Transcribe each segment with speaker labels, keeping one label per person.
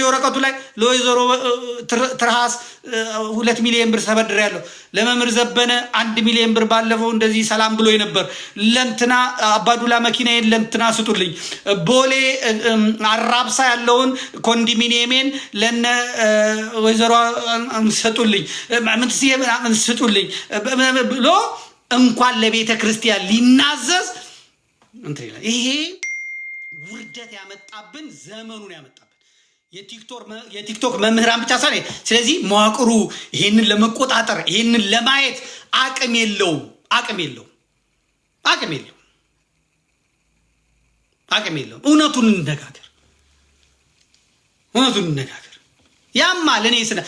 Speaker 1: በዚህ ወረቀቱ ላይ ለወይዘሮ ትርሃስ ሁለት ሚሊዮን ብር ተበድር ያለው ለመምህር ዘበነ አንድ ሚሊዮን ብር ባለፈው እንደዚህ ሰላም ብሎ ነበር። ለንትና አባዱላ መኪናዬን ለንትና ስጡልኝ፣ ቦሌ አራብሳ ያለውን ኮንዶሚኒየሜን ለነ ወይዘሮ ስጡልኝ፣ ምንትስዬ ስጡልኝ ብሎ እንኳን ለቤተ ክርስቲያን ሊናዘዝ እንትን ይሄ ውርደት ያመጣብን ዘመኑን ያመጣብን የቲክቶክ መምህራን ብቻ ሳ ስለዚህ መዋቅሩ ይሄንን ለመቆጣጠር ይሄንን ለማየት አቅም የለውም፣ አቅም የለውም፣ አቅም የለውም፣ አቅም የለውም። እውነቱን እንነጋገር፣ እውነቱን እንነጋገር። ያማ ለእኔ ስነ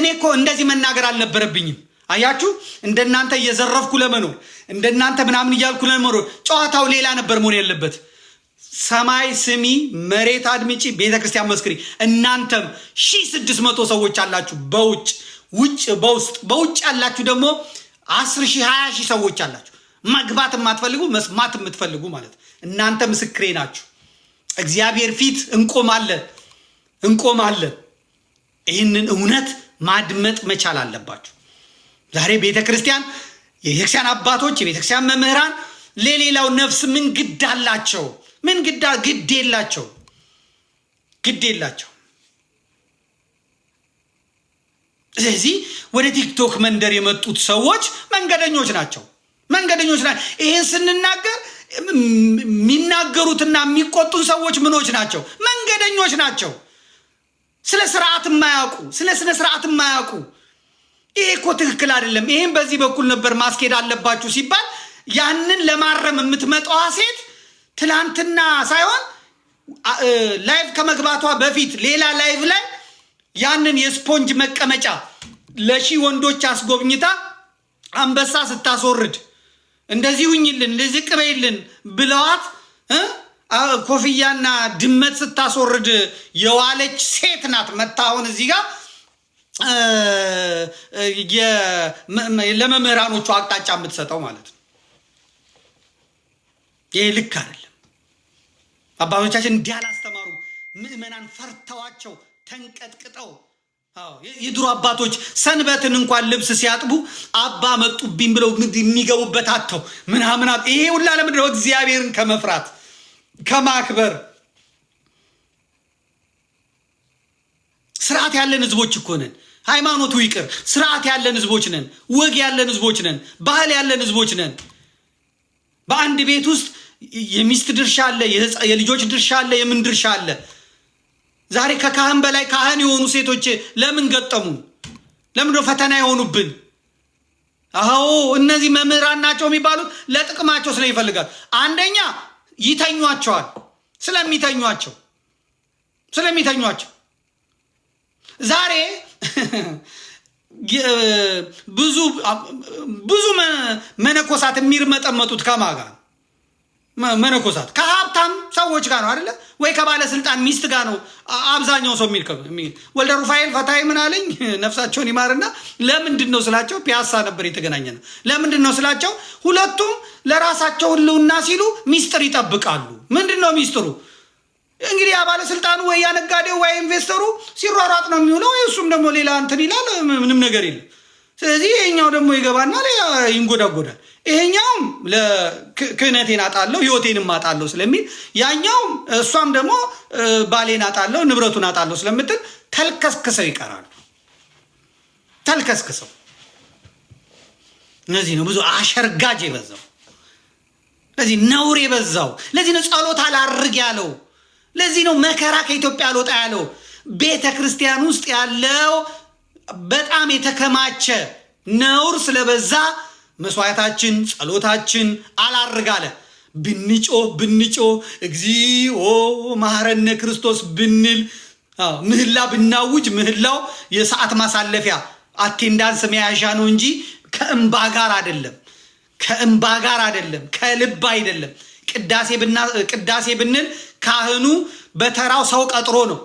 Speaker 1: እኔ እኮ እንደዚህ መናገር አልነበረብኝም። አያችሁ፣ እንደናንተ እየዘረፍኩ ለመኖር እንደናንተ ምናምን እያልኩ ለመኖር ጨዋታው ሌላ ነበር መሆን ያለበት። ሰማይ ስሚ፣ መሬት አድምጪ፣ ቤተ ክርስቲያን መስክሪ። እናንተም ሺህ ስድስት መቶ ሰዎች አላችሁ በውጭ ውጭ በውስጥ በውጭ ያላችሁ ደግሞ አስር ሺህ ሀያ ሺህ ሰዎች አላችሁ መግባት የማትፈልጉ መስማት የምትፈልጉ ማለት እናንተ ምስክሬ ናችሁ። እግዚአብሔር ፊት እንቆማለን እንቆማለን። ይህንን እውነት ማድመጥ መቻል አለባችሁ። ዛሬ ቤተ ክርስቲያን የቤተክርስቲያን አባቶች የቤተክርስቲያን መምህራን ለሌላው ነፍስ ምን ግድ አላቸው? ምን ግዳ ግድ የላቸው ግድ የላቸው። ስለዚህ ወደ ቲክቶክ መንደር የመጡት ሰዎች መንገደኞች ናቸው፣ መንገደኞች ናቸው። ይህን ስንናገር የሚናገሩትና የሚቆጡን ሰዎች ምኖች ናቸው? መንገደኞች ናቸው። ስለ ስርዓት የማያውቁ ስለ ስነ ስርዓት የማያውቁ ይሄ እኮ ትክክል አይደለም። ይህም በዚህ በኩል ነበር ማስኬድ አለባችሁ ሲባል ያንን ለማረም የምትመጣዋ ሴት ትናንትና ሳይሆን ላይቭ ከመግባቷ በፊት ሌላ ላይቭ ላይ ያንን የስፖንጅ መቀመጫ ለሺህ ወንዶች አስጎብኝታ አንበሳ ስታስወርድ እንደዚህ ሁኝልን እንደዚህ ቅበይልን ብለዋት ኮፍያና ድመት ስታስወርድ የዋለች ሴት ናት። መታ አሁን እዚህ ጋር ለመምህራኖቹ አቅጣጫ የምትሰጠው ማለት ነው። ይህ ልክ አይደለም። አባቶቻችን እንዲህ አላስተማሩም። ምእመናን ፈርተዋቸው ተንቀጥቅጠው የድሮ አባቶች ሰንበትን እንኳን ልብስ ሲያጥቡ አባ መጡብኝ ብለው የሚገቡበት አተው ምናምን ይሄ ሁላ ለምንድን ነው? እግዚአብሔርን ከመፍራት ከማክበር ስርዓት ያለን ህዝቦች እኮ ነን። ሃይማኖቱ ይቅር፣ ስርዓት ያለን ህዝቦች ነን። ወግ ያለን ህዝቦች ነን። ባህል ያለን ህዝቦች ነን። በአንድ ቤት ውስጥ የሚስት ድርሻ አለ፣ የልጆች ድርሻ አለ፣ የምን ድርሻ አለ። ዛሬ ከካህን በላይ ካህን የሆኑ ሴቶች ለምን ገጠሙ? ለምን ፈተና የሆኑብን? አዎ እነዚህ መምህራን ናቸው የሚባሉት ለጥቅማቸው ስለሚፈልጋል። አንደኛ ይተኟቸዋል፣ ስለሚተኟቸው ስለሚተኟቸው ዛሬ ብዙ ብዙ መነኮሳት የሚርመጠመጡት ከማጋ መነኮሳት ከሀብታም ሰዎች ጋር ነው አይደለ ወይ ከባለስልጣን ሚስት ጋር ነው አብዛኛው ሰው የሚል ወልደ ሩፋኤል ፈታይ ምን አለኝ ነፍሳቸውን ይማርና ለምንድን ነው ስላቸው ፒያሳ ነበር የተገናኘ ነው ለምንድን ነው ስላቸው ሁለቱም ለራሳቸው ህልውና ሲሉ ሚስጥር ይጠብቃሉ ምንድን ነው ሚስጥሩ እንግዲህ ያባለስልጣኑ ባለስልጣኑ ወይ ያነጋዴው ወይ ኢንቨስተሩ ሲሯሯጥ ነው የሚውለው እሱም ደግሞ ሌላ እንትን ይላል ምንም ነገር የለም ስለዚህ ይሄኛው ደግሞ ይገባና ይንጎዳጎዳል። ይሄኛውም ክህነቴን አጣለው ህይወቴንም አጣለው ስለሚል ያኛውም እሷም ደግሞ ባሌን አጣለው ንብረቱን አጣለው ስለምትል ተልከስክሰው ይቀራሉ። ተልከስክሰው እነዚህ ነው ብዙ አሸርጋጅ የበዛው ለዚህ ነውር የበዛው ለዚህ ነው ጸሎት አላርግ ያለው። ለዚህ ነው መከራ ከኢትዮጵያ አልወጣ ያለው። ቤተ ክርስቲያን ውስጥ ያለው በጣም የተከማቸ ነውር ስለበዛ መስዋዕታችን፣ ጸሎታችን አላርጋለ ብንጮ ብንጮ እግዚኦ ማረነ ክርስቶስ ብንል ምህላ ብናውጅ ምህላው የሰዓት ማሳለፊያ አቴንዳንስ መያዣ ነው እንጂ ከእንባ ጋር አይደለም። ከእንባ ጋር አይደለም። ከልብ አይደለም። ቅዳሴ ብንል ካህኑ በተራው ሰው ቀጥሮ ነው።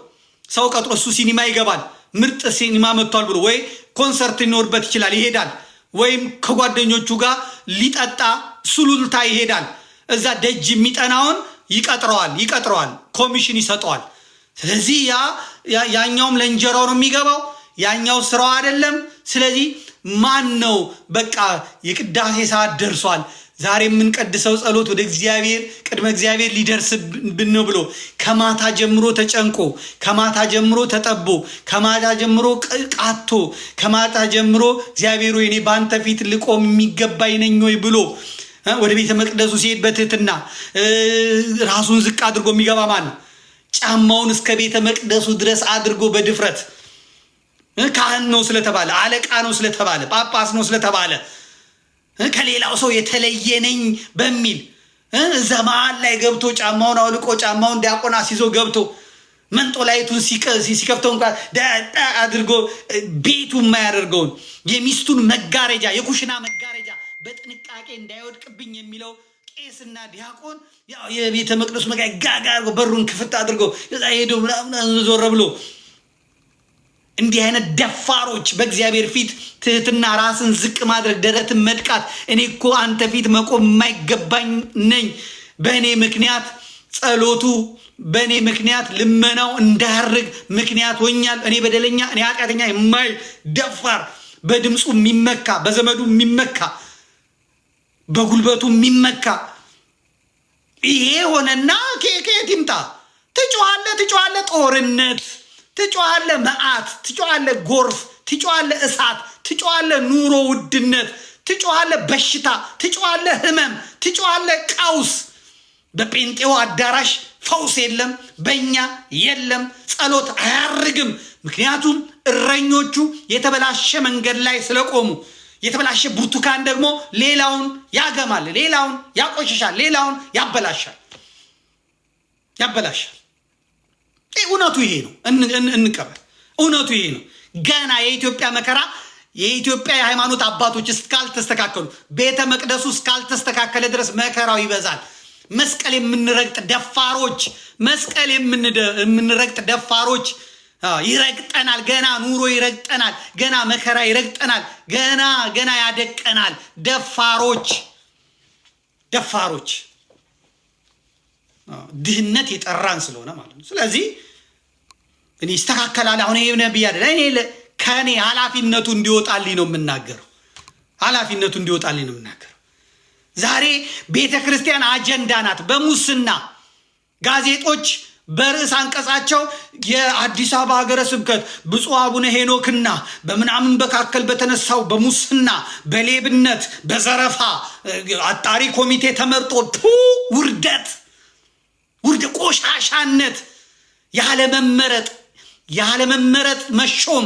Speaker 1: ሰው ቀጥሮ እሱ ሲኒማ ይገባል። ምርጥ ሲኒማ መጥቷል ብሎ ወይ ኮንሰርት ሊኖርበት ይችላል ይሄዳል። ወይም ከጓደኞቹ ጋር ሊጠጣ ሱሉልታ ይሄዳል። እዛ ደጅ የሚጠናውን ይቀጥረዋል ይቀጥረዋል፣ ኮሚሽን ይሰጠዋል። ስለዚህ ያ ያኛውም ለእንጀራው ነው የሚገባው፣ ያኛው ስራው አይደለም። ስለዚህ ማን ነው በቃ የቅዳሴ ሰዓት ደርሷል ዛሬ የምንቀድሰው ጸሎት ወደ እግዚአብሔር ቅድመ እግዚአብሔር ሊደርስብን ነው ብሎ ከማታ ጀምሮ ተጨንቆ ከማታ ጀምሮ ተጠቦ ከማታ ጀምሮ ቃቶ ከማታ ጀምሮ እግዚአብሔር ወይ እኔ በአንተ ፊት ልቆም የሚገባኝ ነኝ ወይ ብሎ ወደ ቤተ መቅደሱ ሲሄድ በትህትና ራሱን ዝቅ አድርጎ የሚገባ ማን ነው? ጫማውን እስከ ቤተ መቅደሱ ድረስ አድርጎ በድፍረት ካህን ነው ስለተባለ፣ አለቃ ነው ስለተባለ፣ ጳጳስ ነው ስለተባለ ከሌላው ሰው የተለየ ነኝ በሚል እዛ መሀል ላይ ገብቶ ጫማውን አውልቆ ጫማውን ዲያቆን አስይዞ ገብቶ መንጦ ላይቱን ሲከፍተው እንኳ አድርጎ ቤቱ የማያደርገውን የሚስቱን መጋረጃ የኩሽና መጋረጃ በጥንቃቄ እንዳይወድቅብኝ የሚለው ቄስና ዲያቆን የቤተ መቅደሱ መጋ ጋጋ አድርጎ በሩን ክፍት አድርጎ ሄዶ ዞረ ብሎ እንዲህ አይነት ደፋሮች በእግዚአብሔር ፊት ትህትና፣ ራስን ዝቅ ማድረግ፣ ደረትን መጥቃት፣ እኔ እኮ አንተ ፊት መቆም የማይገባኝ ነኝ፣ በእኔ ምክንያት ጸሎቱ፣ በእኔ ምክንያት ልመናው እንዳያርግ ምክንያት ሆኛል፣ እኔ በደለኛ፣ እኔ ኃጢአተኛ የማይል ደፋር፣ በድምፁ የሚመካ በዘመዱ የሚመካ በጉልበቱ የሚመካ ይሄ ሆነና ከየት ይምጣ? ትጮኋለህ፣ ትጮኋለህ ጦርነት ትጮሃለ መዓት፣ ትጮሃለ ጎርፍ፣ ትጮሃለ እሳት፣ ትጮሃለ ኑሮ ውድነት፣ ትጮሃለ በሽታ፣ ትጮሃለ ህመም፣ ትጮሃለ ቀውስ። በጴንጤው አዳራሽ ፈውስ የለም፣ በእኛ የለም። ጸሎት አያርግም። ምክንያቱም እረኞቹ የተበላሸ መንገድ ላይ ስለቆሙ፣ የተበላሸ ብርቱካን ደግሞ ሌላውን ያገማል፣ ሌላውን ያቆሽሻል፣ ሌላውን ያበላሻል ያበላሻል። እውነቱ ይሄ ነው፣ እንቀበል። እውነቱ ይሄ ነው። ገና የኢትዮጵያ መከራ የኢትዮጵያ የሃይማኖት አባቶች እስካልተስተካከሉ፣ ቤተ መቅደሱ እስካልተስተካከለ ድረስ መከራው ይበዛል። መስቀል የምንረግጥ ደፋሮች መስቀል የምንረግጥ ደፋሮች ይረግጠናል። ገና ኑሮ ይረግጠናል። ገና መከራ ይረግጠናል። ገና ገና ያደቀናል። ደፋሮች ደፋሮች ድህነት የጠራን ስለሆነ ማለት ነው። ስለዚህ እኔ ይስተካከላል። አሁን ይህ ነቢይ አይደለ እኔ ከእኔ ኃላፊነቱ እንዲወጣልኝ ነው የምናገረው። ኃላፊነቱ እንዲወጣልኝ ነው የምናገረው። ዛሬ ቤተ ክርስቲያን አጀንዳ ናት። በሙስና ጋዜጦች በርዕስ አንቀጻቸው የአዲስ አበባ ሀገረ ስብከት ብፁዕ አቡነ ሄኖክና በምናምን መካከል በተነሳው በሙስና በሌብነት በዘረፋ አጣሪ ኮሚቴ ተመርጦ ቱ ውርደት ውርድ፣ ቆሻሻነት፣ ያለ መመረጥ ያለ መመረጥ መሾም፣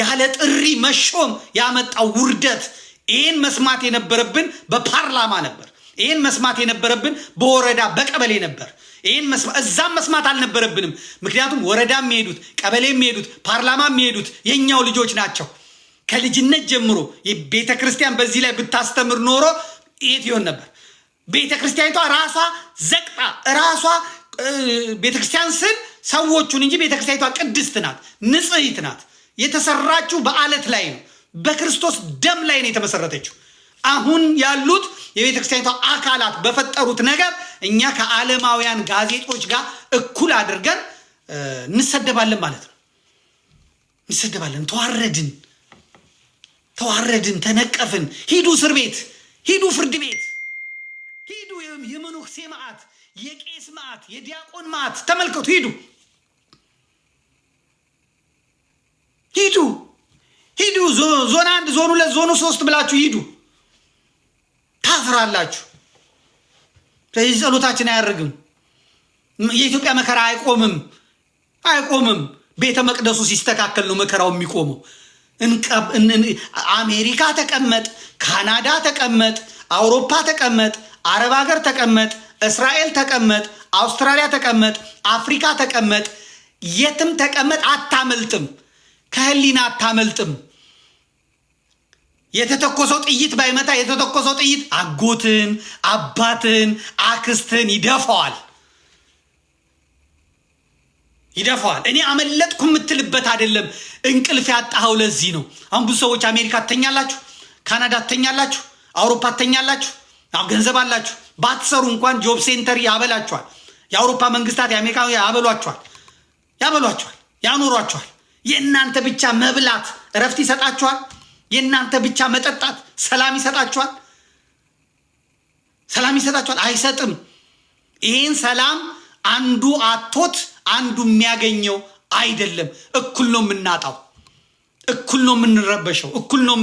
Speaker 1: ያለ ጥሪ መሾም ያመጣው ውርደት። ይህን መስማት የነበረብን በፓርላማ ነበር። ይህን መስማት የነበረብን በወረዳ በቀበሌ ነበር። ይህን እዛም መስማት አልነበረብንም። ምክንያቱም ወረዳ የሚሄዱት ቀበሌ የሚሄዱት ፓርላማ የሚሄዱት የእኛው ልጆች ናቸው። ከልጅነት ጀምሮ ቤተ ክርስቲያን በዚህ ላይ ብታስተምር ኖሮ የት ይሆን ነበር? ቤተ ክርስቲያኒቷ ራሷ ዘቅጣ ራሷ ቤተ ክርስቲያን ስል ሰዎቹን እንጂ ቤተ ክርስቲያኒቷ ቅድስት ናት፣ ንጽሕት ናት። የተሰራችው በአለት ላይ ነው፣ በክርስቶስ ደም ላይ ነው የተመሰረተችው። አሁን ያሉት የቤተ ክርስቲያኒቷ አካላት በፈጠሩት ነገር እኛ ከዓለማውያን ጋዜጦች ጋር እኩል አድርገን እንሰደባለን ማለት ነው። እንሰደባለን። ተዋረድን፣ ተዋረድን፣ ተነቀፍን። ሂዱ እስር ቤት፣ ሂዱ ፍርድ ቤት የቄስ ማት የዲያቆን ማት ተመልከቱ። ሂዱ ሂዱ ሂዱ። ዞን አንድ፣ ዞን ሁለት፣ ዞኑ ሶስት ብላችሁ ሂዱ። ታፍራላችሁ። ስለዚህ ጸሎታችን አያርግም። የኢትዮጵያ መከራ አይቆምም አይቆምም። ቤተ መቅደሱ ሲስተካከል ነው መከራው የሚቆመው። አሜሪካ ተቀመጥ፣ ካናዳ ተቀመጥ፣ አውሮፓ ተቀመጥ፣ አረብ ሀገር ተቀመጥ እስራኤል ተቀመጥ፣ አውስትራሊያ ተቀመጥ፣ አፍሪካ ተቀመጥ፣ የትም ተቀመጥ፣ አታመልጥም። ከህሊና አታመልጥም። የተተኮሰው ጥይት ባይመታ የተተኮሰው ጥይት አጎትን፣ አባትን፣ አክስትን ይደፋዋል ይደፋዋል። እኔ አመለጥኩ የምትልበት አይደለም። እንቅልፍ ያጣኸው ለዚህ ነው። አሁን ብዙ ሰዎች አሜሪካ ትተኛላችሁ፣ ካናዳ ትተኛላችሁ፣ አውሮፓ ትተኛላችሁ ያው ገንዘብ አላችሁ ባትሰሩ እንኳን ጆብ ሴንተር ያበላችኋል። የአውሮፓ መንግስታት የአሜሪካ ያበሏችኋል፣ ያበሏችኋል፣ ያኖሯችኋል። የእናንተ ብቻ መብላት እረፍት ይሰጣችኋል። የእናንተ ብቻ መጠጣት ሰላም ይሰጣችኋል፣ ሰላም ይሰጣችኋል። አይሰጥም። ይህን ሰላም አንዱ አቶት አንዱ የሚያገኘው አይደለም። እኩል ነው የምናጣው፣ እኩል ነው የምንረበሸው፣ እኩል ነው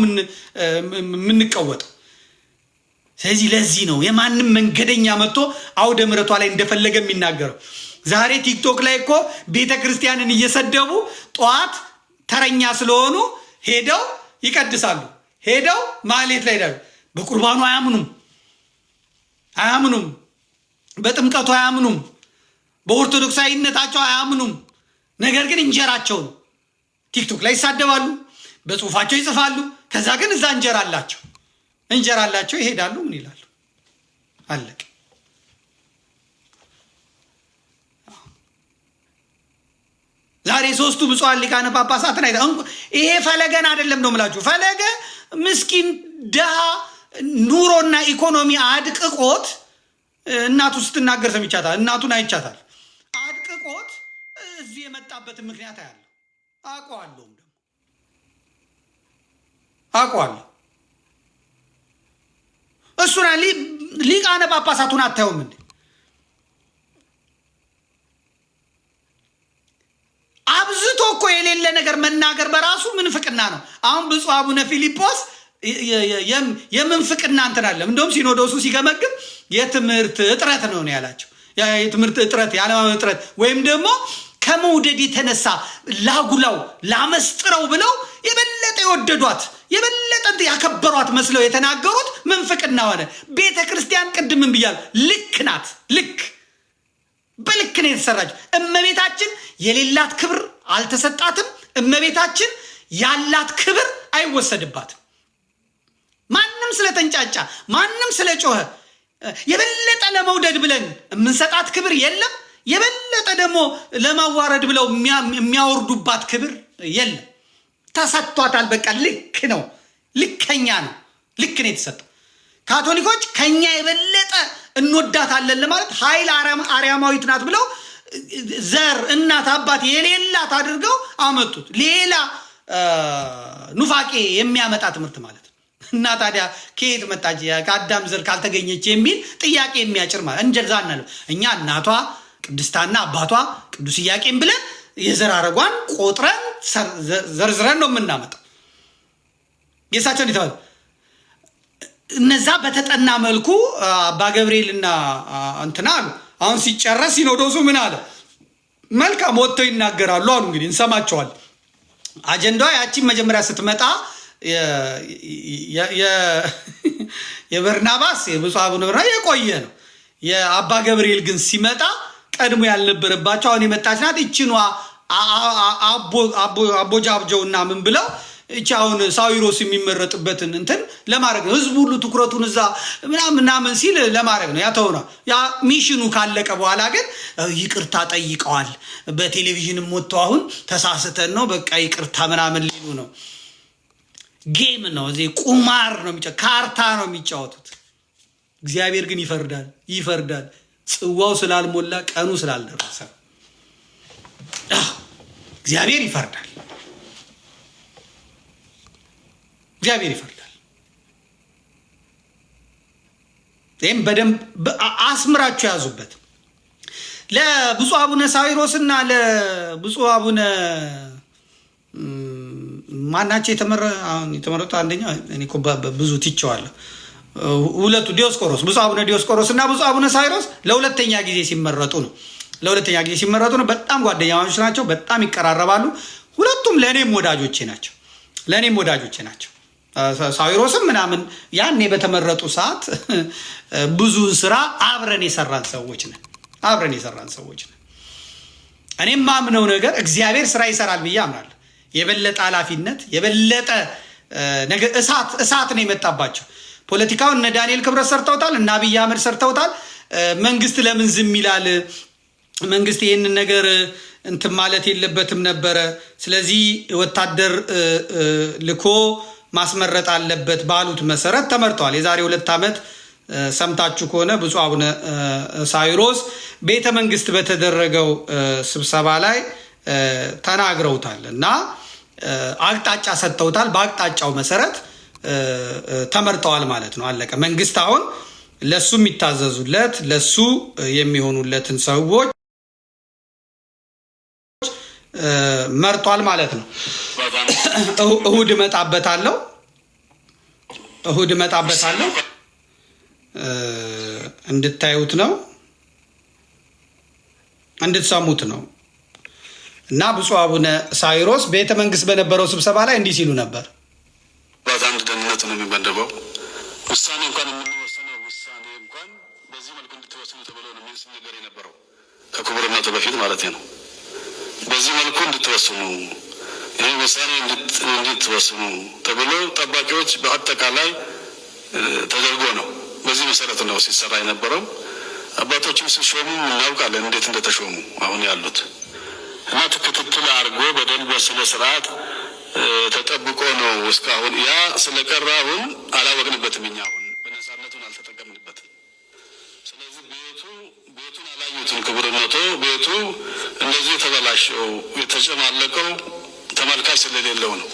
Speaker 1: የምንቀወጠው። ስለዚህ ለዚህ ነው የማንም መንገደኛ መጥቶ አውደ ምረቷ ላይ እንደፈለገ የሚናገረው። ዛሬ ቲክቶክ ላይ እኮ ቤተ ክርስቲያንን እየሰደቡ ጠዋት ተረኛ ስለሆኑ ሄደው ይቀድሳሉ፣ ሄደው ማሌት ላይ ሄዳሉ። በቁርባኑ አያምኑም አያምኑም፣ በጥምቀቱ አያምኑም፣ በኦርቶዶክሳዊነታቸው አያምኑም። ነገር ግን እንጀራቸውን ቲክቶክ ላይ ይሳደባሉ፣ በጽሁፋቸው ይጽፋሉ። ከዛ ግን እዛ እንጀራ አላቸው። እንጀራ አላቸው ይሄዳሉ። ምን ይላሉ? አለቅ ዛሬ ሶስቱ ብፁዓን ሊቃነ ጳጳሳትን አይታ ይሄ ፈለገን አይደለም ነው የምላችሁ። ፈለገ ምስኪን ድሃ ኑሮና ኢኮኖሚ አድቅቆት እናቱ ስትናገር ሰምቻታል። እናቱን አይቻታል። አድቅቆት እዚህ የመጣበትን ምክንያት አያለሁ፣ አውቀዋለሁም ደግሞ አውቀዋለሁ። እሱና ሊቃነ ጳጳሳቱን አታዩም እንዴ? አብዝቶ እኮ የሌለ ነገር መናገር በራሱ ምንፍቅና ነው። አሁን ብፁዕ አቡነ ፊልጶስ የምንፍቅና እንትን አለም። እንደውም ሲኖዶሱ ሲገመግም የትምህርት እጥረት ነው ያላቸው። የትምህርት እጥረት፣ የዓለማዊ እጥረት ወይም ደግሞ ከመውደድ የተነሳ ላጉላው ላመስጥረው ብለው የበለጠ የወደዷት የበለጠ ያከበሯት መስለው የተናገሩት ምንፍቅና ሆነ። ቤተ ክርስቲያን ቅድምን ብያል ልክ ናት። ልክ በልክ ነው እመቤታችን የሌላት ክብር አልተሰጣትም። እመቤታችን ያላት ክብር አይወሰድባትም። ማንም ስለተንጫጫ፣ ማንም ስለጮኸ የበለጠ ለመውደድ ብለን የምንሰጣት ክብር የለም። የበለጠ ደግሞ ለማዋረድ ብለው የሚያወርዱባት ክብር የለም። ተሰጥቷታል። በቃ ልክ ነው፣ ልከኛ ነው፣ ልክ ነው የተሰጠው። ካቶሊኮች ከኛ የበለጠ እንወዳታለን ለማለት ኃይል አርያማዊት ናት ብለው ዘር እናት አባት የሌላት አድርገው አመጡት። ሌላ ኑፋቄ የሚያመጣ ትምህርት ማለት ነው። እና ታዲያ ከየት መጣች ከአዳም ዘር ካልተገኘች የሚል ጥያቄ የሚያጭር ማለት እንጀዛ እናለ እኛ እናቷ ቅድስታና አባቷ ቅዱስ ኢያቄም ብለን የዘር አረጓን ቆጥረን ዘርዝረን ነው የምናመጣው። ጌሳቸውን የተባለ እነዛ በተጠና መልኩ አባ ገብርኤልና እንትና አሉ። አሁን ሲጨረስ ሲኖዶሱ ምን አለ? መልካም ወጥተው ይናገራሉ አሉ። እንግዲህ እንሰማቸዋል። አጀንዳዋ ያቺን መጀመሪያ ስትመጣ የበርናባስ የብፁዕ አቡነ በርናባስ የቆየ ነው። የአባ ገብርኤል ግን ሲመጣ ቀድሞ ያልነበረባቸው አሁን የመጣች ናት። ይችኗ አቦጃብጀውና ምን ብለው እቺ አሁን ሳዊሮስ የሚመረጥበትን እንትን ለማድረግ ነው። ህዝቡ ሁሉ ትኩረቱን እዛ ምናምን ሲል ለማድረግ ነው ነው ያ ሚሽኑ ካለቀ በኋላ ግን ይቅርታ ጠይቀዋል። በቴሌቪዥንም ወጥተው አሁን ተሳስተን ነው በቃ ይቅርታ ምናምን ሊሉ ነው። ጌም ነው፣ እዚህ ቁማር ነው፣ ካርታ ነው የሚጫወቱት። እግዚአብሔር ግን ይፈርዳል፣ ይፈርዳል። ጽዋው ስላልሞላ ቀኑ ስላልደረሰ እግዚአብሔር ይፈርዳል። እግዚአብሔር ይፈርዳል። ይህም በደንብ አስምራችሁ ያዙበት። ለብፁ አቡነ ሳዊሮስ ሳዊሮስና ለብፁ አቡነ ማናቸው የተመረጡ አንደኛ ብዙ ትቸዋለሁ። ሁለቱ ዲዮስቆሮስ ብፁ አቡነ ዲዮስቆሮስ እና ብፁ አቡነ ሳዊሮስ ለሁለተኛ ጊዜ ሲመረጡ ነው። ለሁለተኛ ጊዜ ሲመረጡ ነው። በጣም ጓደኛማቾች ናቸው። በጣም ይቀራረባሉ። ሁለቱም ለእኔም ወዳጆቼ ናቸው። ለእኔም ወዳጆቼ ናቸው። ሳዊሮስም ምናምን ያኔ በተመረጡ ሰዓት ብዙን ስራ አብረን የሰራን ሰዎች ነን። አብረን የሰራን ሰዎች ነን። እኔም ማምነው ነገር እግዚአብሔር ስራ ይሰራል ብዬ አምናለሁ። የበለጠ ኃላፊነት የበለጠ ነገር እሳት እሳት ነው የመጣባቸው። ፖለቲካውን እነ ዳንኤል ክብረት ሰርተውታል፣ እነ አብይ አህመድ ሰርተውታል። መንግስት ለምን ዝም ይላል? መንግስት ይህንን ነገር እንትን ማለት የለበትም ነበረ። ስለዚህ ወታደር ልኮ ማስመረጥ አለበት ባሉት መሰረት ተመርጠዋል። የዛሬ ሁለት ዓመት ሰምታችሁ ከሆነ ብፁ አቡነ ሳይሮስ ቤተ መንግስት በተደረገው ስብሰባ ላይ ተናግረውታል እና አቅጣጫ ሰጥተውታል። በአቅጣጫው መሰረት ተመርጠዋል ማለት ነው። አለቀ። መንግስት አሁን ለሱ የሚታዘዙለት ለሱ የሚሆኑለትን ሰዎች መርጧል ማለት ነው። እሁድ እመጣበታለሁ፣ እሁድ እመጣበታለሁ እንድታዩት ነው እንድትሰሙት ነው። እና ብፁዕ አቡነ ሳይሮስ ቤተ መንግስት በነበረው ስብሰባ ላይ እንዲህ ሲሉ ነበር።
Speaker 2: በአዛኖች ደህንነት ነው የሚመደበው። ውሳኔ እንኳን የምንወሰነው ውሳኔ እንኳን በዚህ መልኩ እንድትወስኑ ተብሎ ነው የሚል ነገር የነበረው ከክቡርነቱ በፊት ማለት ነው። በዚህ መልኩ እንድትወስኑ ይህ ውሳኔ እንድትወስኑ ተብሎ ጠባቂዎች በአጠቃላይ ተደርጎ ነው። በዚህ መሰረት ነው ሲሰራ የነበረው። አባቶችም ሲሾሙ እናውቃለን እንዴት እንደተሾሙ አሁን ያሉት እና ክትትል አድርጎ በደንብ በስነ ስርዓት ተጠብቆ ነው እስካሁን። ያ ስለቀረ አሁን አላወቅንበትም፣ እኛ አሁን በነፃነቱን አልተጠቀምንበትም። ስለዚህ ቤቱ ቤቱን አላዩትም። ክቡርነቶ ቤቱ እንደዚህ የተበላሸው የተጨማለቀው ተመልካች ስለሌለው ነው።